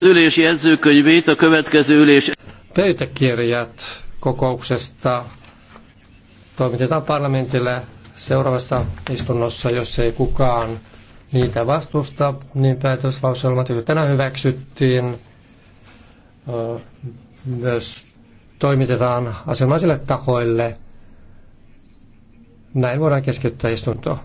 Ülés jegyzőkönyvét a következő ülés... Pöytäkirjat kokouksesta toimitetaan parlamentille seuraavassa istunnossa, jos ei kukaan niitä vastusta, niin päätöslauselmat, joita tänään hyväksyttiin, myös toimitetaan asianomaisille tahoille. Näin voidaan keskeyttää istuntoa.